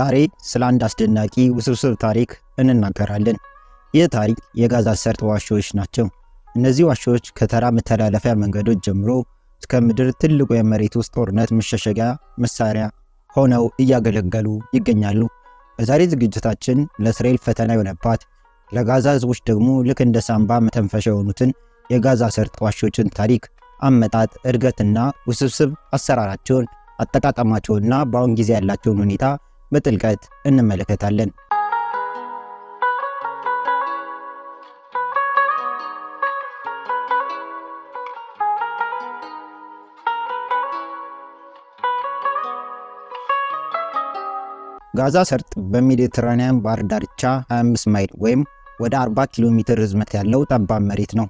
ዛሬ ስለ አንድ አስደናቂ ውስብስብ ታሪክ እንናገራለን። ይህ ታሪክ የጋዛ ሰርጥ ዋሻዎች ናቸው። እነዚህ ዋሻዎች ከተራ መተላለፊያ መንገዶች ጀምሮ እስከ ምድር ትልቁ የመሬት ውስጥ ጦርነት መሸሸጊያ መሳሪያ ሆነው እያገለገሉ ይገኛሉ። በዛሬ ዝግጅታችን ለእስራኤል ፈተና የሆነባት ለጋዛ ሕዝቦች ደግሞ ልክ እንደ ሳንባ መተንፈሻ የሆኑትን የጋዛ ሰርጥ ዋሻዎችን ታሪክ፣ አመጣጥ፣ እድገትና ውስብስብ አሰራራቸውን አጠቃቀማቸውና በአሁን ጊዜ ያላቸውን ሁኔታ በጥልቀት እንመለከታለን። ጋዛ ሰርጥ በሜዲትራኒያን ባህር ዳርቻ 25 ማይል ወይም ወደ 40 ኪሎ ሜትር ርዝመት ያለው ጠባብ መሬት ነው።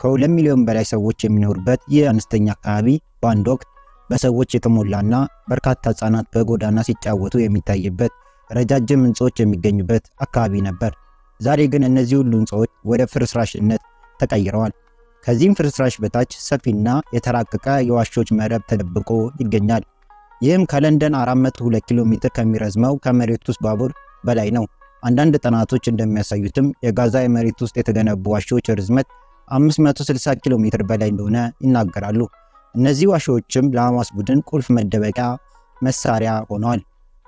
ከ2 ሚሊዮን በላይ ሰዎች የሚኖሩበት ይህ አነስተኛ አካባቢ በአንድ ወቅት በሰዎች የተሞላና በርካታ ህጻናት በጎዳና ሲጫወቱ የሚታይበት ረጃጅም ህንፃዎች የሚገኙበት አካባቢ ነበር። ዛሬ ግን እነዚህ ሁሉ ህንፃዎች ወደ ፍርስራሽነት ተቀይረዋል። ከዚህም ፍርስራሽ በታች ሰፊና የተራቀቀ የዋሾች መረብ ተደብቆ ይገኛል። ይህም ከለንደን 402 ኪሎ ሜትር ከሚረዝመው ከመሬት ውስጥ ባቡር በላይ ነው። አንዳንድ ጥናቶች እንደሚያሳዩትም የጋዛ የመሬት ውስጥ የተገነቡ ዋሾች ርዝመት 560 ኪሎ ሜትር በላይ እንደሆነ ይናገራሉ። እነዚህ ዋሻዎችም ለሐማስ ቡድን ቁልፍ መደበቂያ መሳሪያ ሆነዋል።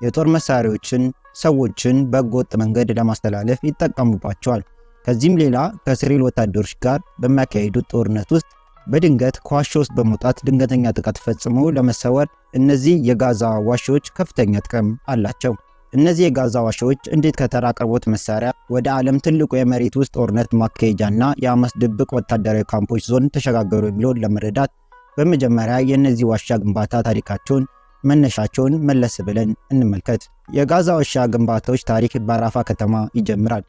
የጦር መሳሪያዎችን ሰዎችን በህገወጥ መንገድ ለማስተላለፍ ይጠቀሙባቸዋል። ከዚህም ሌላ ከእስራኤል ወታደሮች ጋር በሚያካሄዱት ጦርነት ውስጥ በድንገት ከዋሻ ውስጥ በመውጣት ድንገተኛ ጥቃት ፈጽሞ ለመሰወር እነዚህ የጋዛ ዋሻዎች ከፍተኛ ጥቅም አላቸው። እነዚህ የጋዛ ዋሻዎች እንዴት ከተራ አቅርቦት መሳሪያ ወደ ዓለም ትልቁ የመሬት ውስጥ ጦርነት ማካሄጃና የሐማስ ድብቅ ወታደራዊ ካምፖች ዞን ተሸጋገሩ የሚለውን ለመረዳት በመጀመሪያ የእነዚህ ዋሻ ግንባታ ታሪካቸውን መነሻቸውን መለስ ብለን እንመልከት። የጋዛ ዋሻ ግንባታዎች ታሪክ በራፋ ከተማ ይጀምራል።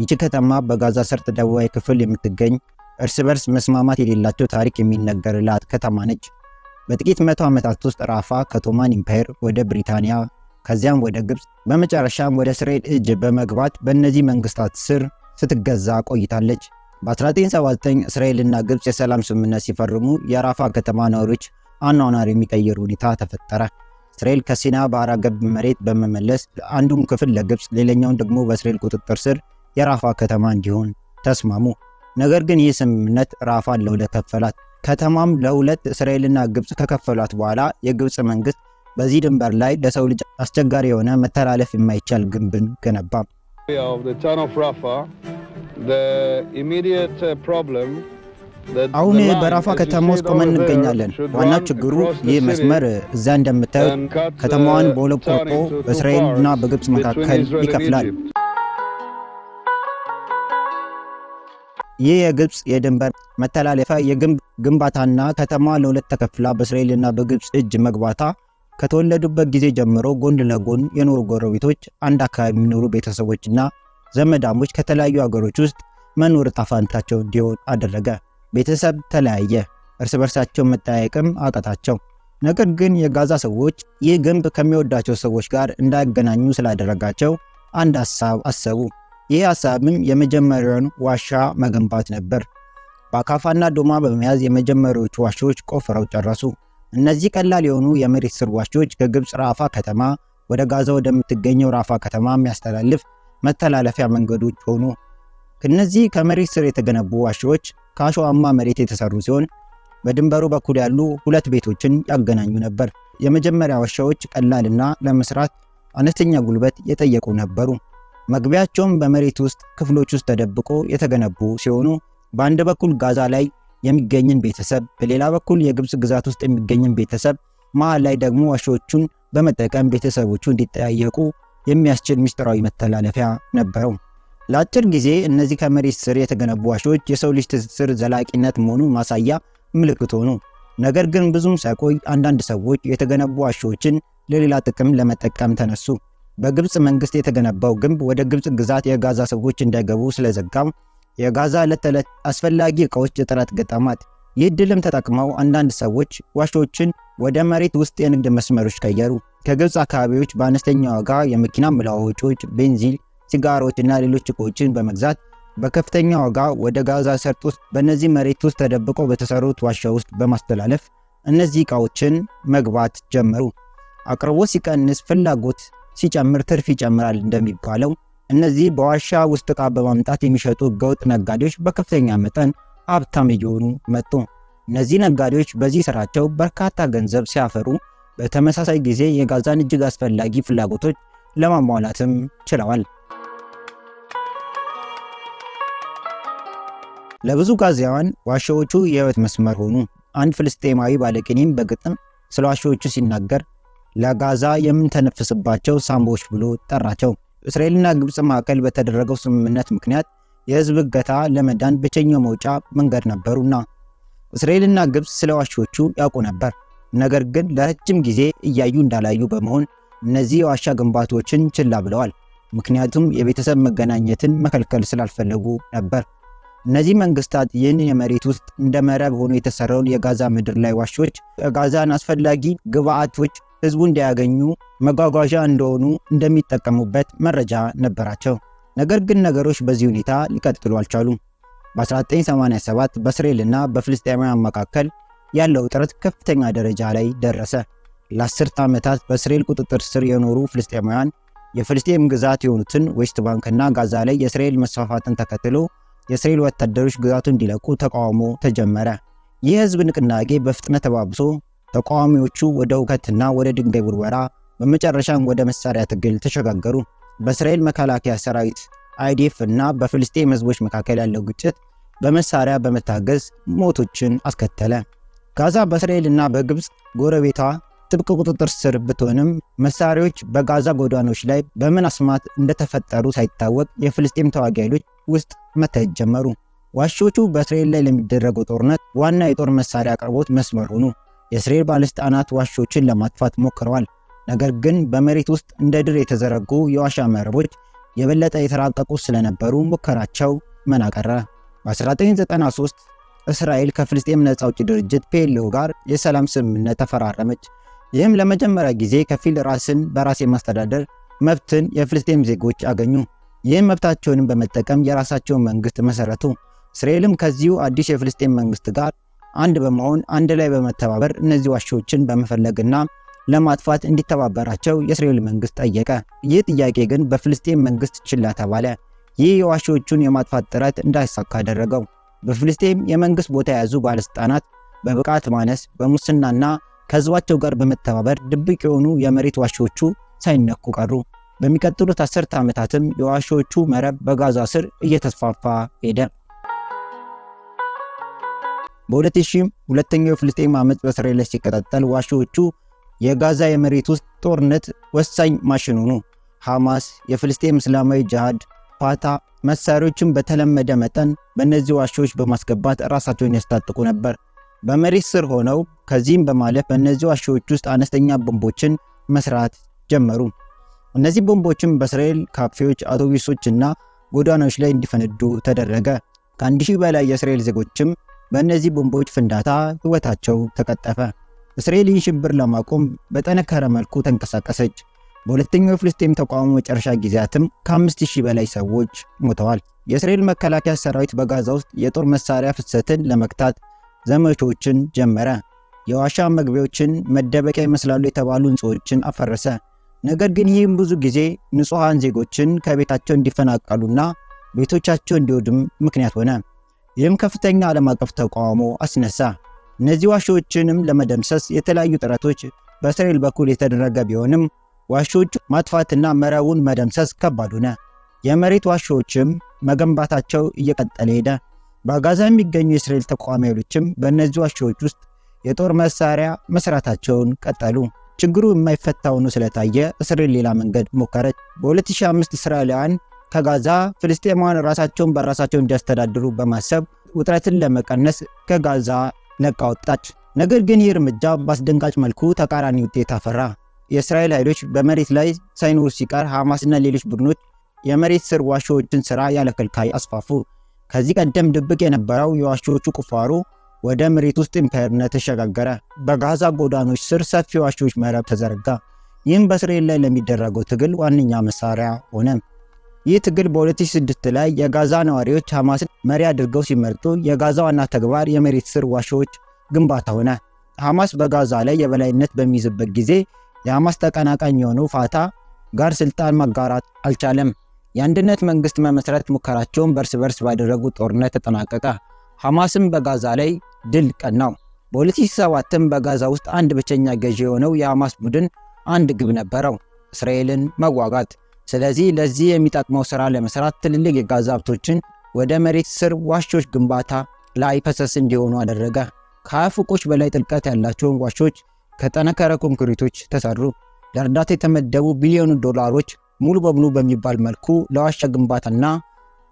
ይቺ ከተማ በጋዛ ሰርጥ ደቡባዊ ክፍል የምትገኝ እርስ በርስ መስማማት የሌላቸው ታሪክ የሚነገርላት ከተማ ነች። በጥቂት መቶ ዓመታት ውስጥ ራፋ ከቶማን ኢምፓየር ወደ ብሪታንያ ከዚያም ወደ ግብፅ በመጨረሻም ወደ እስራኤል እጅ በመግባት በእነዚህ መንግስታት ስር ስትገዛ ቆይታለች። በ1979 እስራኤልና ግብፅ የሰላም ስምምነት ሲፈርሙ የራፋ ከተማ ነዋሪዎች አኗኗር የሚቀይር ሁኔታ ተፈጠረ። እስራኤል ከሲና ባህረ ገብ መሬት በመመለስ አንዱን ክፍል ለግብፅ ሌላኛውን ደግሞ በእስራኤል ቁጥጥር ስር የራፋ ከተማ እንዲሆን ተስማሙ። ነገር ግን ይህ ስምምነት ራፋን ለሁለት ከፈላት። ከተማም ለሁለት እስራኤልና ግብፅ ከከፈሏት በኋላ የግብፅ መንግስት በዚህ ድንበር ላይ ለሰው ልጅ አስቸጋሪ የሆነ መተላለፍ የማይቻል ግንብን ገነባ። Uh, አሁን በራፋ ከተማ ውስጥ ቆመን እንገኛለን። ዋና ችግሩ ይህ መስመር እዛ እንደምታዩት uh, ከተማዋን በሁለት ቆርጦ እና በግብፅ መካከል ይከፍላል። ይህ የግብፅ የድንበር መተላለፊያ የግንብ ግንባታና ከተማ ለሁለት ተከፍላ በእስራኤልና በግብፅ እጅ መግባታ ከተወለዱበት ጊዜ ጀምሮ ጎን ለጎን የኖሩ ጎረቤቶች፣ አንድ አካባቢ የሚኖሩ ቤተሰቦችና ዘመዳሞች ከተለያዩ ሀገሮች ውስጥ መኖር ጣፋንታቸው እንዲሆን አደረገ። ቤተሰብ ተለያየ፣ እርስ በርሳቸው መጠያየቅም አቃታቸው። ነገር ግን የጋዛ ሰዎች ይህ ግንብ ከሚወዳቸው ሰዎች ጋር እንዳይገናኙ ስላደረጋቸው አንድ ሐሳብ አሰቡ። ይህ ሐሳብም የመጀመሪያውን ዋሻ መገንባት ነበር። በአካፋና ዶማ በመያዝ የመጀመሪያዎቹ ዋሻዎች ቆፍረው ጨረሱ። እነዚህ ቀላል የሆኑ የመሬት ስር ዋሻዎች ከግብፅ ራፋ ከተማ ወደ ጋዛ ወደምትገኘው ራፋ ከተማ የሚያስተላልፍ መተላለፊያ መንገዶች ሆኑ። ከነዚህ ከመሬት ስር የተገነቡ ዋሻዎች ከአሸዋማ መሬት የተሰሩ ሲሆን በድንበሩ በኩል ያሉ ሁለት ቤቶችን ያገናኙ ነበር። የመጀመሪያ ዋሻዎች ቀላልና ለመስራት አነስተኛ ጉልበት የጠየቁ ነበሩ። መግቢያቸውም በመሬት ውስጥ ክፍሎች ውስጥ ተደብቆ የተገነቡ ሲሆኑ በአንድ በኩል ጋዛ ላይ የሚገኝን ቤተሰብ፣ በሌላ በኩል የግብፅ ግዛት ውስጥ የሚገኝን ቤተሰብ፣ መሃል ላይ ደግሞ ዋሻዎቹን በመጠቀም ቤተሰቦቹ እንዲጠያየቁ የሚያስችል ምስጢራዊ መተላለፊያ ነበረው። ለአጭር ጊዜ እነዚህ ከመሬት ስር የተገነቡ ዋሾች የሰው ልጅ ትስስር ዘላቂነት መሆኑ ማሳያ ምልክት ሆኑ። ነገር ግን ብዙም ሳይቆይ አንዳንድ ሰዎች የተገነቡ ዋሾችን ለሌላ ጥቅም ለመጠቀም ተነሱ። በግብፅ መንግስት የተገነባው ግንብ ወደ ግብፅ ግዛት የጋዛ ሰዎች እንዳይገቡ ስለዘጋም የጋዛ ዕለት ተዕለት አስፈላጊ ዕቃዎች እጥረት ገጠማት። ይህ ድልም ተጠቅመው አንዳንድ ሰዎች ዋሾችን ወደ መሬት ውስጥ የንግድ መስመሮች ቀየሩ። ከግብፅ አካባቢዎች በአነስተኛ ዋጋ የመኪና መለዋወጫዎች፣ ቤንዚን፣ ሲጋሮች እና ሌሎች እቃዎችን በመግዛት በከፍተኛ ዋጋ ወደ ጋዛ ሰርጥ ውስጥ በእነዚህ መሬት ውስጥ ተደብቆ በተሰሩት ዋሻ ውስጥ በማስተላለፍ እነዚህ እቃዎችን መግባት ጀመሩ። አቅርቦት ሲቀንስ ፍላጎት ሲጨምር ትርፍ ይጨምራል እንደሚባለው እነዚህ በዋሻ ውስጥ ዕቃ በማምጣት የሚሸጡ ህገወጥ ነጋዴዎች በከፍተኛ መጠን ሀብታም እየሆኑ መጡ። እነዚህ ነጋዴዎች በዚህ ስራቸው በርካታ ገንዘብ ሲያፈሩ በተመሳሳይ ጊዜ የጋዛን እጅግ አስፈላጊ ፍላጎቶች ለማሟላትም ችለዋል። ለብዙ ጋዜያውያን ዋሻዎቹ የህይወት መስመር ሆኑ። አንድ ፍልስጤማዊ ባለቅኔም በግጥም ስለ ዋሻዎቹ ሲናገር ለጋዛ የምንተነፍስባቸው ሳምቦዎች ብሎ ጠራቸው። እስራኤልና ግብፅ መካከል በተደረገው ስምምነት ምክንያት የህዝብ እገታ ለመዳን ብቸኛው መውጫ መንገድ ነበሩና እስራኤልና ግብፅ ስለ ዋሻዎቹ ያውቁ ነበር። ነገር ግን ለረጅም ጊዜ እያዩ እንዳላዩ በመሆን እነዚህ የዋሻ ግንባታዎችን ችላ ብለዋል። ምክንያቱም የቤተሰብ መገናኘትን መከልከል ስላልፈለጉ ነበር። እነዚህ መንግስታት ይህን የመሬት ውስጥ እንደ መረብ ሆኖ የተሰራውን የጋዛ ምድር ላይ ዋሾች የጋዛን አስፈላጊ ግብአቶች ህዝቡ እንዲያገኙ መጓጓዣ እንደሆኑ እንደሚጠቀሙበት መረጃ ነበራቸው። ነገር ግን ነገሮች በዚህ ሁኔታ ሊቀጥሉ አልቻሉም። በ1987 በእስራኤልና በፍልስጤማውያን መካከል ያለው ውጥረት ከፍተኛ ደረጃ ላይ ደረሰ። ለአስርት ዓመታት በእስራኤል ቁጥጥር ስር የኖሩ ፍልስጤማውያን የፍልስጤም ግዛት የሆኑትን ዌስት ባንክና ጋዛ ላይ የእስራኤል መስፋፋትን ተከትሎ የእስራኤል ወታደሮች ግዛቱ እንዲለቁ ተቃውሞ ተጀመረ። ይህ ህዝብ ንቅናቄ በፍጥነት ተባብሶ ተቃዋሚዎቹ ወደ እውከትና ወደ ድንጋይ ውርወራ በመጨረሻም ወደ መሳሪያ ትግል ተሸጋገሩ። በእስራኤል መከላከያ ሰራዊት አይዲኤፍ እና በፍልስጤም ህዝቦች መካከል ያለው ግጭት በመሳሪያ በመታገዝ ሞቶችን አስከተለ። ጋዛ በእስራኤልና በግብፅ ጎረቤቷ ጥብቅ ቁጥጥር ስር ብትሆንም መሳሪያዎች በጋዛ ጎዳኖች ላይ በምን አስማት እንደተፈጠሩ ሳይታወቅ የፍልስጤም ተዋጊ ኃይሎች ውስጥ መታየት ጀመሩ። ዋሾቹ በእስራኤል ላይ ለሚደረገው ጦርነት ዋና የጦር መሳሪያ አቅርቦት መስመር ሆኑ። የእስራኤል ባለሥልጣናት ዋሾችን ለማጥፋት ሞክረዋል። ነገር ግን በመሬት ውስጥ እንደ ድር የተዘረጉ የዋሻ መረቦች የበለጠ የተራቀቁ ስለነበሩ ሙከራቸው መናቀረ በ በ1993 እስራኤል ከፍልስጤም ነፃ አውጪ ድርጅት ፔሎ ጋር የሰላም ስምምነት ተፈራረመች። ይህም ለመጀመሪያ ጊዜ ከፊል ራስን በራስ የማስተዳደር መብትን የፍልስጤም ዜጎች አገኙ። ይህም መብታቸውንም በመጠቀም የራሳቸውን መንግስት መሰረቱ። እስራኤልም ከዚሁ አዲስ የፍልስጤም መንግስት ጋር አንድ በመሆን አንድ ላይ በመተባበር እነዚህ ዋሾዎችን በመፈለግና ለማጥፋት እንዲተባበራቸው የእስራኤል መንግስት ጠየቀ። ይህ ጥያቄ ግን በፍልስጤም መንግስት ችላ ተባለ። ይህ የዋሾቹን የማጥፋት ጥረት እንዳይሳካ አደረገው። በፍልስጤም የመንግስት ቦታ የያዙ ባለስልጣናት በብቃት ማነስ፣ በሙስናና ከህዝባቸው ጋር በመተባበር ድብቅ የሆኑ የመሬት ዋሻዎቹ ሳይነኩ ቀሩ። በሚቀጥሉት አስርተ ዓመታትም የዋሻዎቹ መረብ በጋዛ ስር እየተስፋፋ ሄደ። በ2000 ሁለተኛው የፍልስጤም ዓመፅ በእስራኤል ላይ ሲቀጣጠል ዋሻዎቹ የጋዛ የመሬት ውስጥ ጦርነት ወሳኝ ማሽን ሆኑ። ሐማስ፣ የፍልስጤም እስላማዊ ጅሃድ፣ ፋታ መሳሪያዎችን በተለመደ መጠን በእነዚህ ዋሻዎች በማስገባት ራሳቸውን ያስታጥቁ ነበር። በመሬት ስር ሆነው ከዚህም በማለፍ በእነዚህ ዋሻዎች ውስጥ አነስተኛ ቦምቦችን መስራት ጀመሩ። እነዚህ ቦምቦችም በእስራኤል ካፌዎች፣ አውቶቡሶች እና ጎዳናዎች ላይ እንዲፈነዱ ተደረገ። ከአንድ ሺህ በላይ የእስራኤል ዜጎችም በእነዚህ ቦምቦች ፍንዳታ ሕይወታቸው ተቀጠፈ። እስራኤል ይህን ሽብር ለማቆም በጠነከረ መልኩ ተንቀሳቀሰች። በሁለተኛው የፍልስጤም ተቃውሞ መጨረሻ ጊዜያትም ከ5000 በላይ ሰዎች ሞተዋል። የእስራኤል መከላከያ ሰራዊት በጋዛ ውስጥ የጦር መሳሪያ ፍሰትን ለመግታት ዘመቾችን ጀመረ። የዋሻ መግቢያዎችን መደበቂያ ይመስላሉ የተባሉ ሕንፃዎችን አፈረሰ። ነገር ግን ይህም ብዙ ጊዜ ንጹሐን ዜጎችን ከቤታቸው እንዲፈናቀሉና ቤቶቻቸው እንዲወድም ምክንያት ሆነ። ይህም ከፍተኛ ዓለም አቀፍ ተቃውሞ አስነሳ። እነዚህ ዋሻዎችንም ለመደምሰስ የተለያዩ ጥረቶች በእስራኤል በኩል የተደረገ ቢሆንም ዋሾቹ ማጥፋትና መረቡን መደምሰስ ከባድ ሆነ። የመሬት ዋሾዎችም መገንባታቸው እየቀጠለ ሄደ። በጋዛ የሚገኙ የእስራኤል ተቋሚ በእነዚህ ዋሾዎች ውስጥ የጦር መሳሪያ መስራታቸውን ቀጠሉ። ችግሩ የማይፈታ ሆኖ ስለታየ እስራኤል ሌላ መንገድ ሞከረች። በ2005 እስራኤላውያን ከጋዛ ፍልስጤማውያን ራሳቸውን በራሳቸው እንዲያስተዳድሩ በማሰብ ውጥረትን ለመቀነስ ከጋዛ ነቃ ወጣች። ነገር ግን ይህ እርምጃ በአስደንጋጭ መልኩ ተቃራኒ ውጤት አፈራ። የእስራኤል ኃይሎች በመሬት ላይ ሳይኖሩ ሲቀር ሐማስና ሌሎች ቡድኖች የመሬት ስር ዋሻዎችን ሥራ ያለከልካይ አስፋፉ። ከዚህ ቀደም ድብቅ የነበረው የዋሻዎቹ ቁፋሮ ወደ መሬት ውስጥ ኢምፓየርነት ተሸጋገረ። በጋዛ ጎዳኖች ስር ሰፊ ዋሻዎች መረብ ተዘረጋ። ይህም በእስራኤል ላይ ለሚደረገው ትግል ዋነኛ መሳሪያ ሆነ። ይህ ትግል በ2006 ላይ የጋዛ ነዋሪዎች ሐማስን መሪ አድርገው ሲመርጡ የጋዛ ዋና ተግባር የመሬት ስር ዋሻዎች ግንባታ ሆነ። ሐማስ በጋዛ ላይ የበላይነት በሚይዝበት ጊዜ የሐማስ ተቀናቃኝ የሆኑ ፋታ ጋር ስልጣን መጋራት አልቻለም። የአንድነት መንግስት መመስረት ሙከራቸውን በእርስ በርስ ባደረጉ ጦርነት ተጠናቀቀ። ሐማስም በጋዛ ላይ ድል ቀናው። በ2007ም በጋዛ ውስጥ አንድ ብቸኛ ገዢ የሆነው የሐማስ ቡድን አንድ ግብ ነበረው፣ እስራኤልን መዋጋት። ስለዚህ ለዚህ የሚጠቅመው ሥራ ለመስራት ትልልቅ የጋዛ ሀብቶችን ወደ መሬት ስር ዋሾች ግንባታ ላይ ፈሰስ እንዲሆኑ አደረገ። ከሀያ ፎቆች በላይ ጥልቀት ያላቸውን ዋሾች ከጠነከረ ኮንክሪቶች ተሰሩ። ለእርዳታ የተመደቡ ቢሊዮን ዶላሮች ሙሉ በሙሉ በሚባል መልኩ ለዋሻ ግንባታና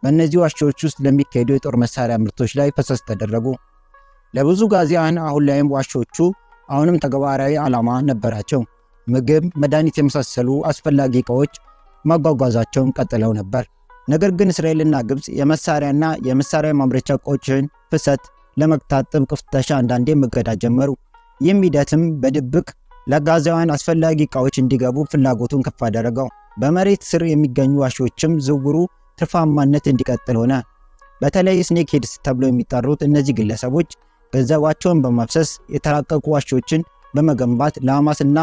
በእነዚህ ዋሻዎች ውስጥ ለሚካሄዱ የጦር መሳሪያ ምርቶች ላይ ፈሰስ ተደረጉ። ለብዙ ጋዜያን አሁን ላይም ዋሻዎቹ አሁንም ተግባራዊ ዓላማ ነበራቸው። ምግብ፣ መድኃኒት የመሳሰሉ አስፈላጊ ዕቃዎች ማጓጓዛቸውን ቀጥለው ነበር። ነገር ግን እስራኤልና ግብፅ የመሳሪያና የመሳሪያ ማምረቻ ዕቃዎችን ፍሰት ለመግታት ጥብቅ ፍተሻ አንዳንዴ መገዳ ጀመሩ። ይህም ሂደትም በድብቅ ለጋዛውያን አስፈላጊ እቃዎች እንዲገቡ ፍላጎቱን ከፍ አደረገው። በመሬት ስር የሚገኙ ዋሾችም ዝውውሩ ትርፋማነት እንዲቀጥል ሆነ። በተለይ ስኔክ ሄድስ ተብለው የሚጠሩት እነዚህ ግለሰቦች ገንዘባቸውን በማፍሰስ የተራቀቁ ዋሾችን በመገንባት ለሐማስና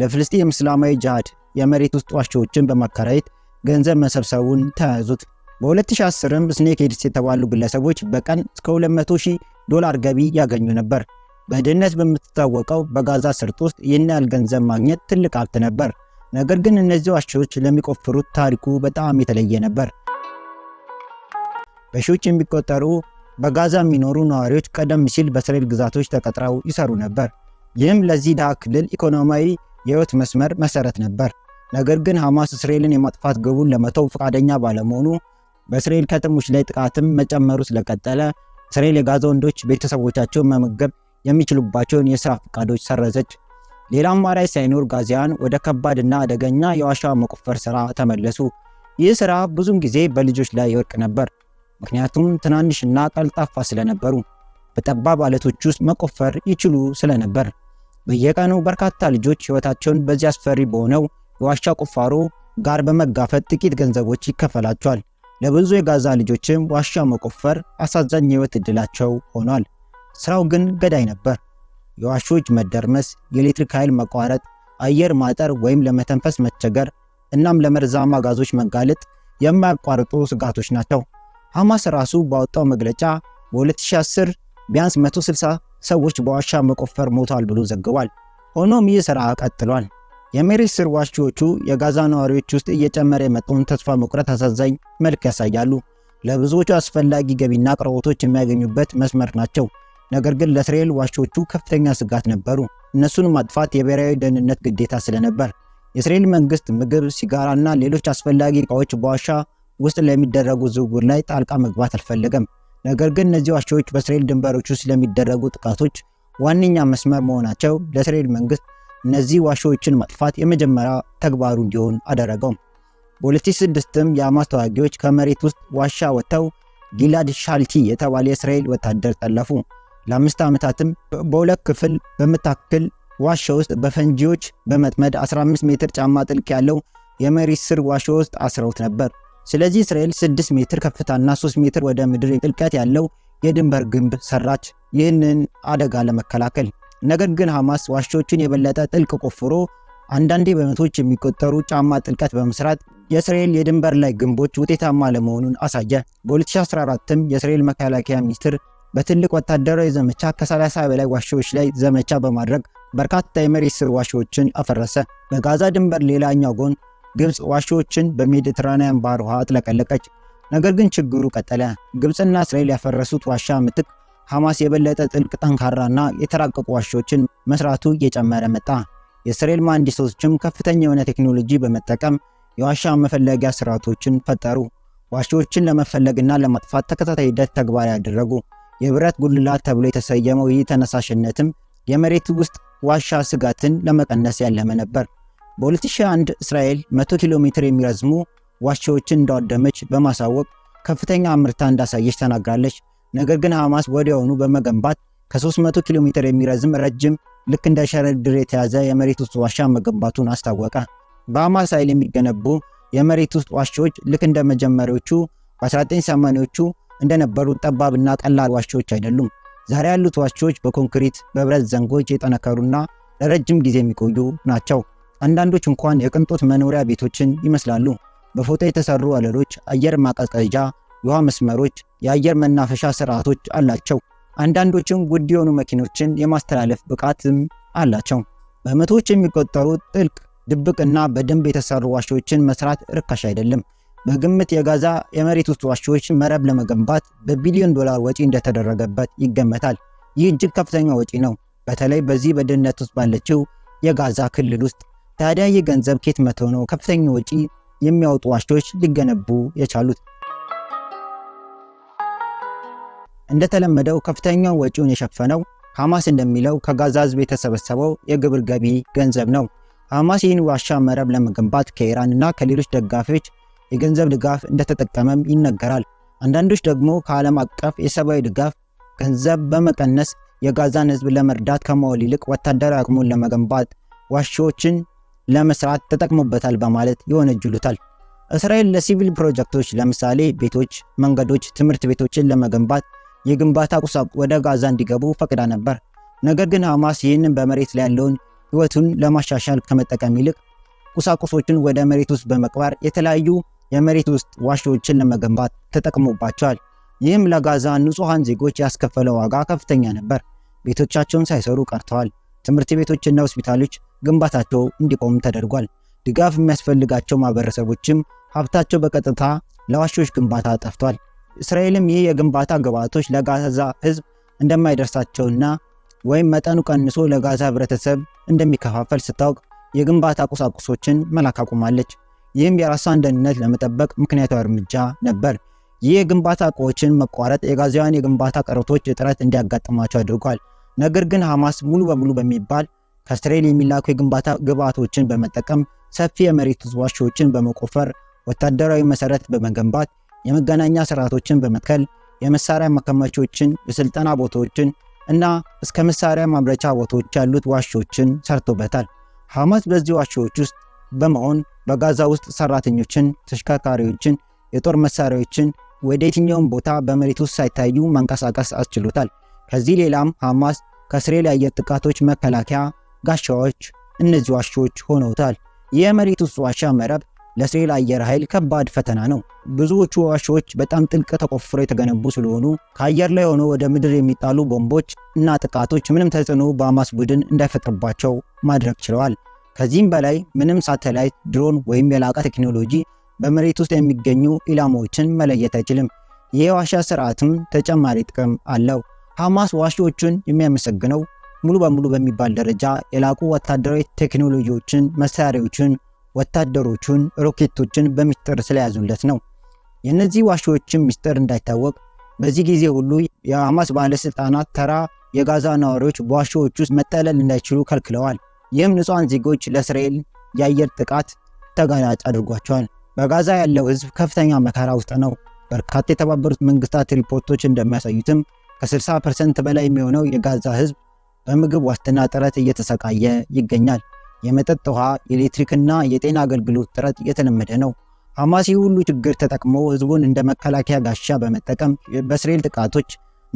ለፍልስጤም እስላማዊ ጅሃድ የመሬት ውስጥ ዋሾችን በማከራየት ገንዘብ መሰብሰቡን ተያያዙት በ በ2010ም ስኔክ ሄድስ የተባሉ ግለሰቦች በቀን እስከ 200 ሺህ ዶላር ገቢ ያገኙ ነበር። በድህነት በምትታወቀው በጋዛ ሰርጥ ውስጥ ይህን ያህል ገንዘብ ማግኘት ትልቅ ሀብት ነበር። ነገር ግን እነዚህ ዋሻዎች ለሚቆፍሩት ታሪኩ በጣም የተለየ ነበር። በሺዎች የሚቆጠሩ በጋዛ የሚኖሩ ነዋሪዎች ቀደም ሲል በእስራኤል ግዛቶች ተቀጥረው ይሰሩ ነበር። ይህም ለዚህ ድሃ ክልል ኢኮኖሚያዊ የህይወት መስመር መሰረት ነበር። ነገር ግን ሐማስ እስራኤልን የማጥፋት ግቡን ለመተው ፈቃደኛ ባለመሆኑ በእስራኤል ከተሞች ላይ ጥቃትም መጨመሩ ስለቀጠለ እስራኤል የጋዛ ወንዶች ቤተሰቦቻቸውን መመገብ የሚችሉባቸውን የስራ ፈቃዶች ሰረዘች። ሌላ አማራጭ ሳይኖር ጋዜያን ወደ ከባድና አደገኛ የዋሻ መቆፈር ስራ ተመለሱ። ይህ ስራ ብዙም ጊዜ በልጆች ላይ ይወድቅ ነበር፣ ምክንያቱም ትናንሽና ቀልጣፋ ስለነበሩ በጠባብ አለቶች ውስጥ መቆፈር ይችሉ ስለነበር። በየቀኑ በርካታ ልጆች ሕይወታቸውን በዚህ አስፈሪ በሆነው የዋሻ ቁፋሮ ጋር በመጋፈጥ ጥቂት ገንዘቦች ይከፈላቸዋል። ለብዙ የጋዛ ልጆችም ዋሻ መቆፈር አሳዛኝ የሕይወት ዕድላቸው ሆኗል። ስራው ግን ገዳይ ነበር። የዋሾች መደርመስ፣ የኤሌክትሪክ ኃይል መቋረጥ፣ አየር ማጠር ወይም ለመተንፈስ መቸገር እናም ለመርዛማ ጋዞች መጋለጥ የማያቋርጡ ስጋቶች ናቸው። ሐማስ ራሱ ባወጣው መግለጫ በ2010 ቢያንስ 160 ሰዎች በዋሻ መቆፈር ሞቷል ብሎ ዘግቧል። ሆኖም ይህ ሥራ ቀጥሏል። የመሬት ስር ዋሾቹ የጋዛ ነዋሪዎች ውስጥ እየጨመረ የመጣውን ተስፋ መቁረጥ አሳዛኝ መልክ ያሳያሉ። ለብዙዎቹ አስፈላጊ ገቢና አቅርቦቶች የሚያገኙበት መስመር ናቸው። ነገር ግን ለእስራኤል ዋሾቹ ከፍተኛ ስጋት ነበሩ። እነሱን ማጥፋት የብሔራዊ ደህንነት ግዴታ ስለነበር የእስራኤል መንግስት ምግብ፣ ሲጋራ እና ሌሎች አስፈላጊ እቃዎች በዋሻ ውስጥ ለሚደረጉ ዝውውር ላይ ጣልቃ መግባት አልፈለገም። ነገር ግን እነዚህ ዋሻዎች በእስራኤል ድንበሮች ውስጥ ለሚደረጉ ጥቃቶች ዋነኛ መስመር መሆናቸው ለእስራኤል መንግስት እነዚህ ዋሻዎችን ማጥፋት የመጀመሪያ ተግባሩ እንዲሆን አደረገው። በ2006ም የሐማስ ተዋጊዎች ከመሬት ውስጥ ዋሻ ወጥተው ጊላድ ሻልቲ የተባለ የእስራኤል ወታደር ጠለፉ። ለአምስት ዓመታትም በሁለት ክፍል በምታክል ዋሻ ውስጥ በፈንጂዎች በመጥመድ 15 ሜትር ጫማ ጥልቅ ያለው የመሬት ስር ዋሻ ውስጥ አስረውት ነበር። ስለዚህ እስራኤል 6 ሜትር ከፍታና 3 ሜትር ወደ ምድር ጥልቀት ያለው የድንበር ግንብ ሰራች፣ ይህንን አደጋ ለመከላከል። ነገር ግን ሐማስ ዋሻዎቹን የበለጠ ጥልቅ ቆፍሮ አንዳንዴ በመቶዎች የሚቆጠሩ ጫማ ጥልቀት በመስራት የእስራኤል የድንበር ላይ ግንቦች ውጤታማ ለመሆኑን አሳየ። በ2014ም የእስራኤል መከላከያ ሚኒስትር በትልቅ ወታደራዊ ዘመቻ ከ30 በላይ ዋሻዎች ላይ ዘመቻ በማድረግ በርካታ የመሬት ስር ዋሻዎችን አፈረሰ። በጋዛ ድንበር ሌላኛው ጎን ግብፅ ዋሻዎችን በሜዲትራንያን ባህር ውሃ አጥለቀለቀች። ነገር ግን ችግሩ ቀጠለ። ግብፅና እስራኤል ያፈረሱት ዋሻ ምትክ ሐማስ የበለጠ ጥልቅ፣ ጠንካራና የተራቀቁ ዋሻዎችን መስራቱ እየጨመረ መጣ። የእስራኤል መሐንዲሶችም ከፍተኛ የሆነ ቴክኖሎጂ በመጠቀም የዋሻ መፈለጊያ ስርዓቶችን ፈጠሩ። ዋሻዎችን ለመፈለግና ለማጥፋት ተከታታይ ሂደት ተግባር ያደረጉ የብረት ጉልላት ተብሎ የተሰየመው ይህ ተነሳሽነትም የመሬት ውስጥ ዋሻ ስጋትን ለመቀነስ ያለመ ነበር። በ2001 እስራኤል 100 ኪሎ ሜትር የሚረዝሙ ዋሻዎችን እንዳወደመች በማሳወቅ ከፍተኛ አምርታ እንዳሳየች ተናግራለች። ነገር ግን ሐማስ ወዲያውኑ በመገንባት ከ300 ኪሎ ሜትር የሚረዝም ረጅም ልክ እንደ ሸረድር የተያዘ የመሬት ውስጥ ዋሻ መገንባቱን አስታወቀ። በሐማስ ኃይል የሚገነቡ የመሬት ውስጥ ዋሻዎች ልክ እንደ መጀመሪያዎቹ በ1980ዎቹ እንደነበሩት ጠባብና ቀላል ዋሾዎች አይደሉም። ዛሬ ያሉት ዋሾዎች በኮንክሪት በብረት ዘንጎች የጠነከሩና ለረጅም ጊዜ የሚቆዩ ናቸው። አንዳንዶች እንኳን የቅንጦት መኖሪያ ቤቶችን ይመስላሉ። በፎጣ የተሰሩ ወለሎች፣ አየር ማቀዝቀዣ፣ የውሃ መስመሮች፣ የአየር መናፈሻ ስርዓቶች አላቸው። አንዳንዶችም ውድ የሆኑ መኪኖችን የማስተላለፍ ብቃትም አላቸው። በመቶዎች የሚቆጠሩ ጥልቅ ድብቅና በደንብ የተሰሩ ዋሾችን መስራት ርካሽ አይደለም። በግምት የጋዛ የመሬት ውስጥ ዋሻዎችን መረብ ለመገንባት በቢሊዮን ዶላር ወጪ እንደተደረገበት ይገመታል። ይህ እጅግ ከፍተኛ ወጪ ነው፣ በተለይ በዚህ በድህነት ውስጥ ባለችው የጋዛ ክልል ውስጥ። ታዲያ ይህ ገንዘብ ኬት መጥቶ ነው ከፍተኛ ወጪ የሚያወጡ ዋሻዎች ሊገነቡ የቻሉት? እንደተለመደው ከፍተኛው ወጪውን የሸፈነው ሐማስ እንደሚለው ከጋዛ ህዝብ የተሰበሰበው የግብር ገቢ ገንዘብ ነው። ሐማስ ይህን ዋሻ መረብ ለመገንባት ከኢራን እና ከሌሎች ደጋፊዎች የገንዘብ ድጋፍ እንደተጠቀመም ይነገራል። አንዳንዶች ደግሞ ከዓለም አቀፍ የሰብአዊ ድጋፍ ገንዘብ በመቀነስ የጋዛን ህዝብ ለመርዳት ከማወል ይልቅ ወታደራዊ አቅሙን ለመገንባት ዋሻዎችን ለመስራት ተጠቅሞበታል በማለት ይወነጅሉታል። እስራኤል ለሲቪል ፕሮጀክቶች ለምሳሌ ቤቶች፣ መንገዶች፣ ትምህርት ቤቶችን ለመገንባት የግንባታ ቁሳቁ ወደ ጋዛ እንዲገቡ ፈቅዳ ነበር። ነገር ግን ሐማስ ይህንን በመሬት ላይ ያለውን ሕይወቱን ለማሻሻል ከመጠቀም ይልቅ ቁሳቁሶችን ወደ መሬት ውስጥ በመቅበር የተለያዩ የመሬት ውስጥ ዋሻዎችን ለመገንባት ተጠቅሞባቸዋል። ይህም ለጋዛ ንጹሐን ዜጎች ያስከፈለ ዋጋ ከፍተኛ ነበር። ቤቶቻቸውን ሳይሰሩ ቀርተዋል። ትምህርት ቤቶችና ሆስፒታሎች ግንባታቸው እንዲቆም ተደርጓል። ድጋፍ የሚያስፈልጋቸው ማህበረሰቦችም ሀብታቸው በቀጥታ ለዋሾች ግንባታ ጠፍቷል። እስራኤልም ይህ የግንባታ ግብዓቶች ለጋዛ ህዝብ እንደማይደርሳቸውና ወይም መጠኑ ቀንሶ ለጋዛ ህብረተሰብ እንደሚከፋፈል ስታውቅ የግንባታ ቁሳቁሶችን መላክ አቁማለች። ይህም የራሷን ደህንነት ለመጠበቅ ምክንያታዊ እርምጃ ነበር። ይህ የግንባታ እቃዎችን መቋረጥ የጋዛውያን የግንባታ ቀረቶች እጥረት እንዲያጋጥማቸው አድርጓል። ነገር ግን ሐማስ ሙሉ በሙሉ በሚባል ከእስራኤል የሚላኩ የግንባታ ግብዓቶችን በመጠቀም ሰፊ የመሬት ዋሻዎችን በመቆፈር ወታደራዊ መሰረት በመገንባት የመገናኛ ስርዓቶችን በመትከል የመሳሪያ ማከማቾችን፣ የስልጠና ቦታዎችን እና እስከ መሳሪያ ማምረቻ ቦታዎች ያሉት ዋሻዎችን ሰርቶበታል። ሐማስ በዚህ ዋሻዎች ውስጥ በመሆን በጋዛ ውስጥ ሰራተኞችን፣ ተሽከርካሪዎችን፣ የጦር መሳሪያዎችን ወደ የትኛውም ቦታ በመሬት ውስጥ ሳይታዩ መንቀሳቀስ አስችሎታል። ከዚህ ሌላም ሐማስ ከእስራኤል የአየር ጥቃቶች መከላከያ ጋሻዎች እነዚህ ዋሾች ሆነውታል። የመሬት ውስጥ ዋሻ መረብ ለእስራኤል አየር ኃይል ከባድ ፈተና ነው። ብዙዎቹ ዋሻዎች በጣም ጥልቅ ተቆፍሮ የተገነቡ ስለሆኑ ከአየር ላይ ሆኖ ወደ ምድር የሚጣሉ ቦምቦች እና ጥቃቶች ምንም ተጽዕኖ በሐማስ ቡድን እንዳይፈጥርባቸው ማድረግ ችለዋል። ከዚህም በላይ ምንም ሳተላይት፣ ድሮን ወይም የላቀ ቴክኖሎጂ በመሬት ውስጥ የሚገኙ ኢላማዎችን መለየት አይችልም። የዋሻ ስርዓትም ተጨማሪ ጥቅም አለው። ሐማስ ዋሺዎቹን የሚያመሰግነው ሙሉ በሙሉ በሚባል ደረጃ የላቁ ወታደራዊ ቴክኖሎጂዎችን፣ መሳሪያዎችን፣ ወታደሮቹን፣ ሮኬቶችን በሚስጥር ስለያዙለት ነው። የእነዚህ ዋሾዎችን ሚስጥር እንዳይታወቅ በዚህ ጊዜ ሁሉ የሐማስ ባለሥልጣናት ተራ የጋዛ ነዋሪዎች በዋሻዎች ውስጥ መጠለል እንዳይችሉ ከልክለዋል። ይህም ንጹሐን ዜጎች ለእስራኤል የአየር ጥቃት ተጋላጭ አድርጓቸዋል። በጋዛ ያለው ሕዝብ ከፍተኛ መከራ ውስጥ ነው። በርካታ የተባበሩት መንግስታት ሪፖርቶች እንደሚያሳዩትም ከ60 ፐርሰንት በላይ የሚሆነው የጋዛ ሕዝብ በምግብ ዋስትና ጥረት እየተሰቃየ ይገኛል። የመጠጥ ውሃ፣ የኤሌክትሪክና የጤና አገልግሎት ጥረት እየተለመደ ነው። ሐማስ ሁሉ ችግር ተጠቅሞ ህዝቡን እንደ መከላከያ ጋሻ በመጠቀም በእስራኤል ጥቃቶች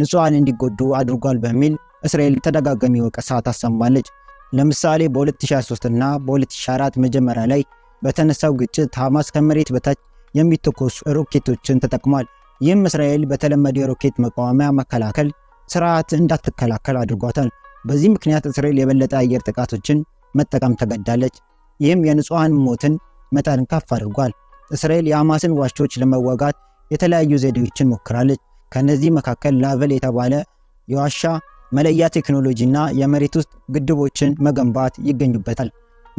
ንጹሐን እንዲጎዱ አድርጓል በሚል እስራኤል ተደጋጋሚ ወቀሳ ታሰማለች። ለምሳሌ በ2023 እና በ2024 መጀመሪያ ላይ በተነሳው ግጭት ሐማስ ከመሬት በታች የሚተኮሱ ሮኬቶችን ተጠቅሟል። ይህም እስራኤል በተለመደው የሮኬት መቃወሚያ መከላከል ስርዓት እንዳትከላከል አድርጓታል። በዚህ ምክንያት እስራኤል የበለጠ አየር ጥቃቶችን መጠቀም ተገዳለች። ይህም የንጹሐን ሞትን መጠን ከፍ አድርጓል። እስራኤል የሐማስን ዋሾች ለመዋጋት የተለያዩ ዘዴዎችን ሞክራለች። ከእነዚህ መካከል ላቨል የተባለ የዋሻ መለያ ቴክኖሎጂና የመሬት ውስጥ ግድቦችን መገንባት ይገኙበታል።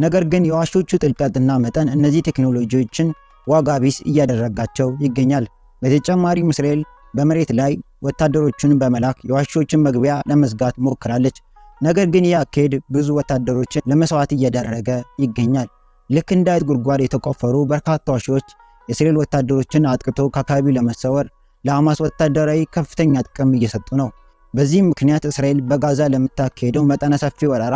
ነገር ግን የዋሾቹ ጥልቀትና መጠን እነዚህ ቴክኖሎጂዎችን ዋጋ ቢስ እያደረጋቸው ይገኛል። በተጨማሪም እስራኤል በመሬት ላይ ወታደሮቹን በመላክ የዋሾችን መግቢያ ለመዝጋት ሞክራለች። ነገር ግን ይህ አካሄድ ብዙ ወታደሮችን ለመስዋዕት እያደረገ ይገኛል። ልክ እንደ አይጥ ጉድጓድ የተቆፈሩ በርካታ ዋሾች የእስራኤል ወታደሮችን አጥቅቶ ከአካባቢው ለመሰወር ለሐማስ ወታደራዊ ከፍተኛ ጥቅም እየሰጡ ነው። በዚህ ምክንያት እስራኤል በጋዛ ለምታካሄደው መጠነ ሰፊ ወረራ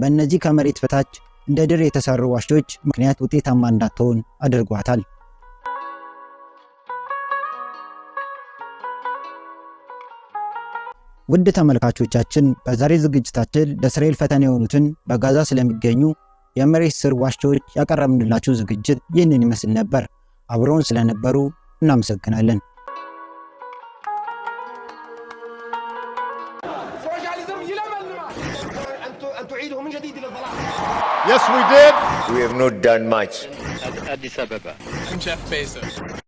በእነዚህ ከመሬት በታች እንደ ድር የተሰሩ ዋሾች ምክንያት ውጤታማ እንዳትሆን አድርጓታል። ውድ ተመልካቾቻችን በዛሬ ዝግጅታችን ለእስራኤል ፈተና የሆኑትን በጋዛ ስለሚገኙ የመሬት ስር ዋሾች ያቀረብንላችሁ ዝግጅት ይህንን ይመስል ነበር። አብረውን ስለነበሩ እናመሰግናለን። Yes, we did. We have not done much. Addis Ababa. I'm Jeff Bezos.